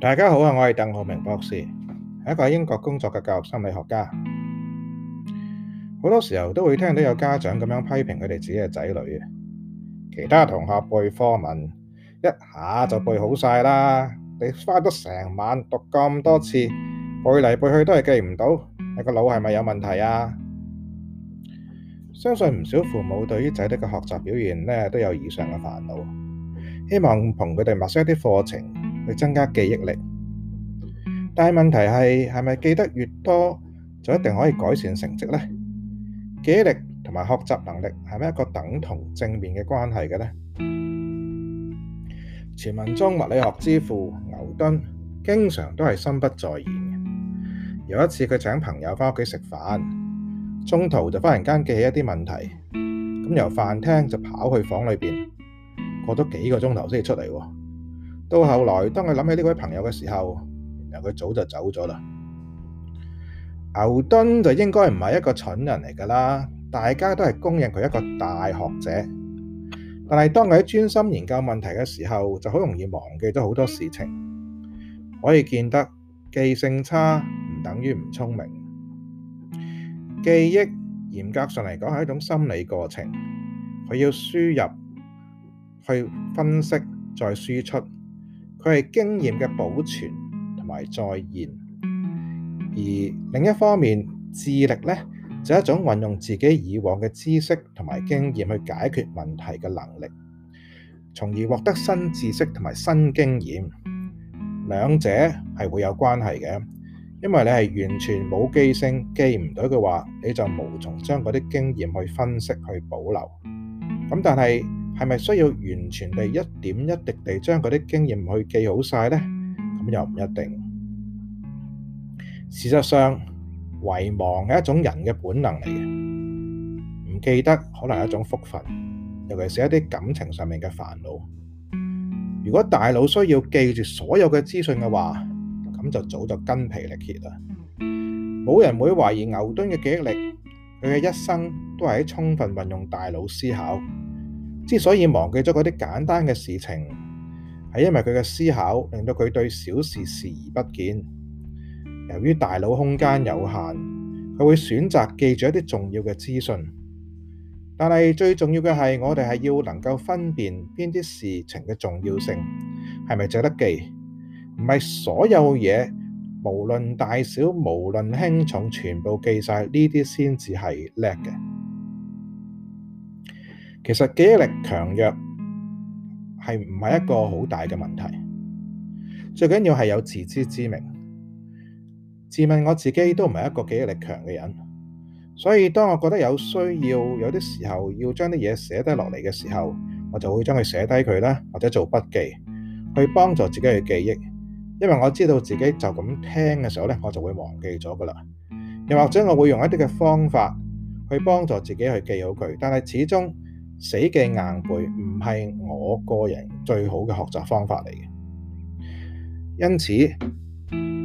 大家好啊！我係鄧浩明博士，係一個喺英國工作嘅教育心理學家。好多時候都會聽到有家長咁樣批評佢哋自己嘅仔女。其他同學背課文一下就背好晒啦，你花咗成晚讀咁多次背嚟，背去都係記唔到，你個腦係咪有問題啊？相信唔少父母對於仔女嘅學習表現都有以上嘅煩惱，希望同佢哋默寫一啲課程。去增加記憶力，但係問題係係咪記得越多就一定可以改善成績呢？記憶力同埋學習能力係咪是是一個等同正面嘅關係嘅呢？傳聞中物理學之父牛頓經常都係心不在焉嘅。有一次佢請朋友返屋企食飯，中途就忽然間記起一啲問題，咁由飯廳就跑去房裏面，過多幾個鐘頭先出嚟喎。到後來，當佢諗起呢位朋友嘅時候，原來佢早就走咗啦。牛頓就應該唔係一個蠢人嚟㗎啦，大家都係公認佢一個大學者。但係當佢喺專心研究問題嘅時候，就好容易忘記咗好多事情。可以見得記性差唔等於唔聰明。記憶嚴格上嚟講係一種心理過程，佢要輸入、去分析、再輸出。佢係經驗嘅保存同埋再現，而另一方面，智力呢，就一種運用自己以往嘅知識同埋經驗去解決問題嘅能力，從而獲得新知識同埋新經驗。兩者係會有關係嘅，因為你係完全冇記性，記唔到嘅句話，你就無從將嗰啲經驗去分析去保留。咁但係。係咪需要完全地一點一滴地將嗰啲經驗去記好晒呢？咁又唔一定。事實上，遺忘係一種人嘅本能嚟嘅，唔記得可能係一種福分，尤其是一啲感情上面嘅煩惱。如果大腦需要記住所有嘅資訊嘅話，咁就早就筋疲力竭啦。冇人會懷疑牛頓嘅記憶力，佢嘅一生都係喺充分運用大腦思考。之所以忘記咗嗰啲簡單嘅事情，係因為佢嘅思考令到佢對小事視而不見。由於大腦空間有限，佢會選擇記住一啲重要嘅資訊。但係最重要嘅係，我哋係要能夠分辨邊啲事情嘅重要性，係咪值得記？唔係所有嘢，無論大小，無論輕重，全部記晒呢啲先至係叻嘅。其實記憶力強弱係唔係一個好大嘅問題，最緊要係有自知之明。自問我自己都唔係一個記憶力強嘅人，所以當我覺得有需要，有啲時候要將啲嘢寫低落嚟嘅時候，我就會將佢寫低佢咧，或者做筆記去幫助自己去記憶。因為我知道自己就咁聽嘅時候咧，我就會忘記咗㗎喇。又或者我會用一啲嘅方法去幫助自己去記好佢，但係始終。死記硬背唔係我個人最好嘅學習方法嚟嘅，因此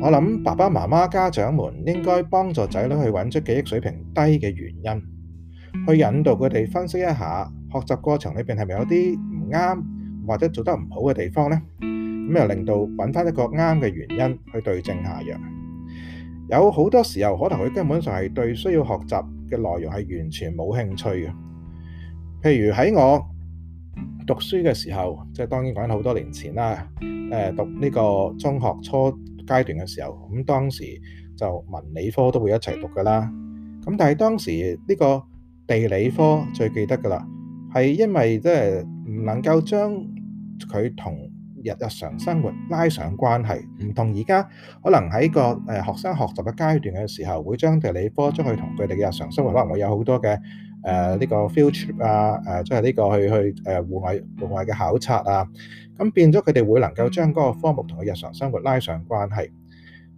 我諗爸爸媽媽家長們應該幫助仔女去揾出記憶水平低嘅原因，去引導佢哋分析一下學習過程裡面係咪有啲唔啱或者做得唔好嘅地方咧？咁又令到揾翻一個啱嘅原因去對症下藥。有好多時候可能佢根本上係對需要學習嘅內容係完全冇興趣嘅。譬如喺我讀書嘅時候，即係當然講緊好多年前啦。誒，讀呢個中學初階段嘅時候，咁當時就文理科都會一齊讀㗎啦。咁但係當時呢個地理科最記得㗎啦，係因為即係唔能夠將佢同日日常生活拉上關係，唔同而家可能喺個誒學生學習嘅階段嘅時候，會將地理科出去同佢哋嘅日常生活可能會有好多嘅。誒呢個 field trip 啊，誒即係呢個去去誒戶外戶外嘅考察啊，咁變咗佢哋會能夠將嗰個科目同佢日常生活拉上關係。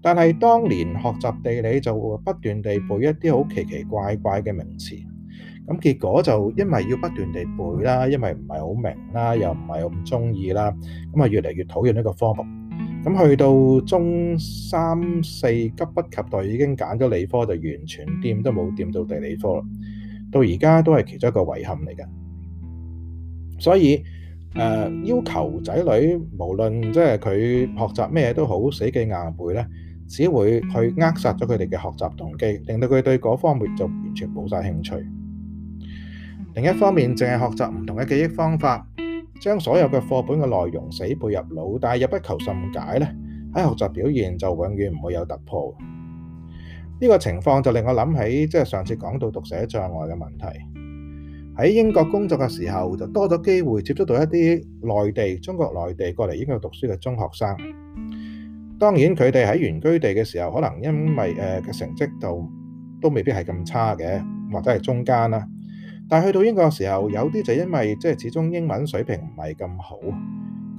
但係當年學習地理就會不斷地背一啲好奇奇怪怪嘅名詞，咁結果就因為要不斷地背啦，因為唔係好明啦，又唔係咁中意啦，咁啊越嚟越討厭呢個科目。咁去到中三四急不及待已經揀咗理科，就完全掂都冇掂到地理科啦。到而家都係其中一個遺憾嚟嘅，所以，呃，要求仔女，無論即係佢學習咩都好，死記硬背呢，只會去扼殺咗佢哋嘅學習動機，令到佢對嗰方面就完全冇晒興趣。另一方面，淨係學習唔同嘅記憶方法，將所有嘅課本嘅內容死背入腦，但係又不求甚解呢，在喺學習表現就永遠唔會有突破。呢個情況就令我諗起，即係上次講到讀寫障礙嘅問題。喺英國工作嘅時候，就多咗機會接觸到一啲內地、中國內地過嚟英國讀書嘅中學生。當然佢哋喺原居地嘅時候，可能因為、呃、成績都，都未必係咁差嘅，或者係中間啦。但去到英國嘅時候，有啲就因為即係始終英文水平唔係咁好、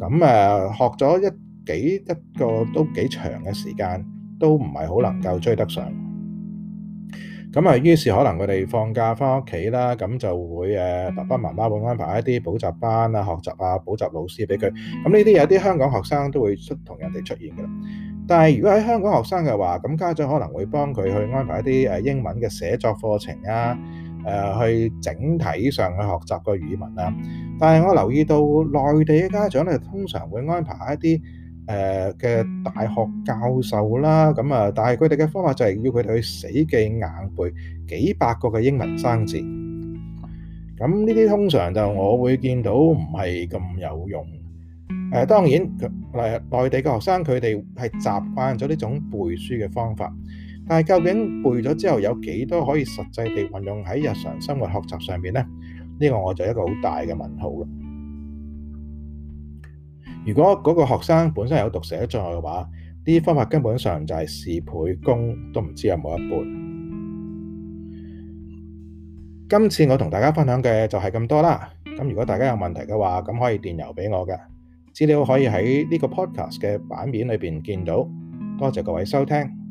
呃，學了學咗一幾一個都幾長嘅時間，都唔係好能夠追得上。咁啊，於是可能佢哋放假翻屋企啦，咁就會誒，爸爸媽媽會安排一啲補習班啊、學習啊、補習老師俾佢。咁呢啲有啲香港學生都會出同人哋出現嘅啦。但係如果喺香港學生嘅話，咁家長可能會幫佢去安排一啲誒英文嘅寫作課程啊，誒去整體上去學習個語文啊。但係我留意到內地嘅家長咧，通常會安排一啲。誒嘅大學教授啦，咁啊，但係佢哋嘅方法就係要佢哋去死記硬背幾百個嘅英文生字，咁呢啲通常就我會見到唔係咁有用。誒，當然內內地嘅學生佢哋係習慣咗呢種背書嘅方法，但係究竟背咗之後有幾多可以實際地運用喺日常生活學習上面呢？呢、呢個我就一個好大嘅問號啦。如果嗰個學生本身有讀寫障礙嘅話，啲方法根本上就係事倍功都唔知有冇一半。今次我同大家分享嘅就係咁多啦。咁如果大家有問題嘅話，咁可以電郵俾我嘅資料可以喺呢個 podcast 嘅版面裏面見到。多謝各位收聽。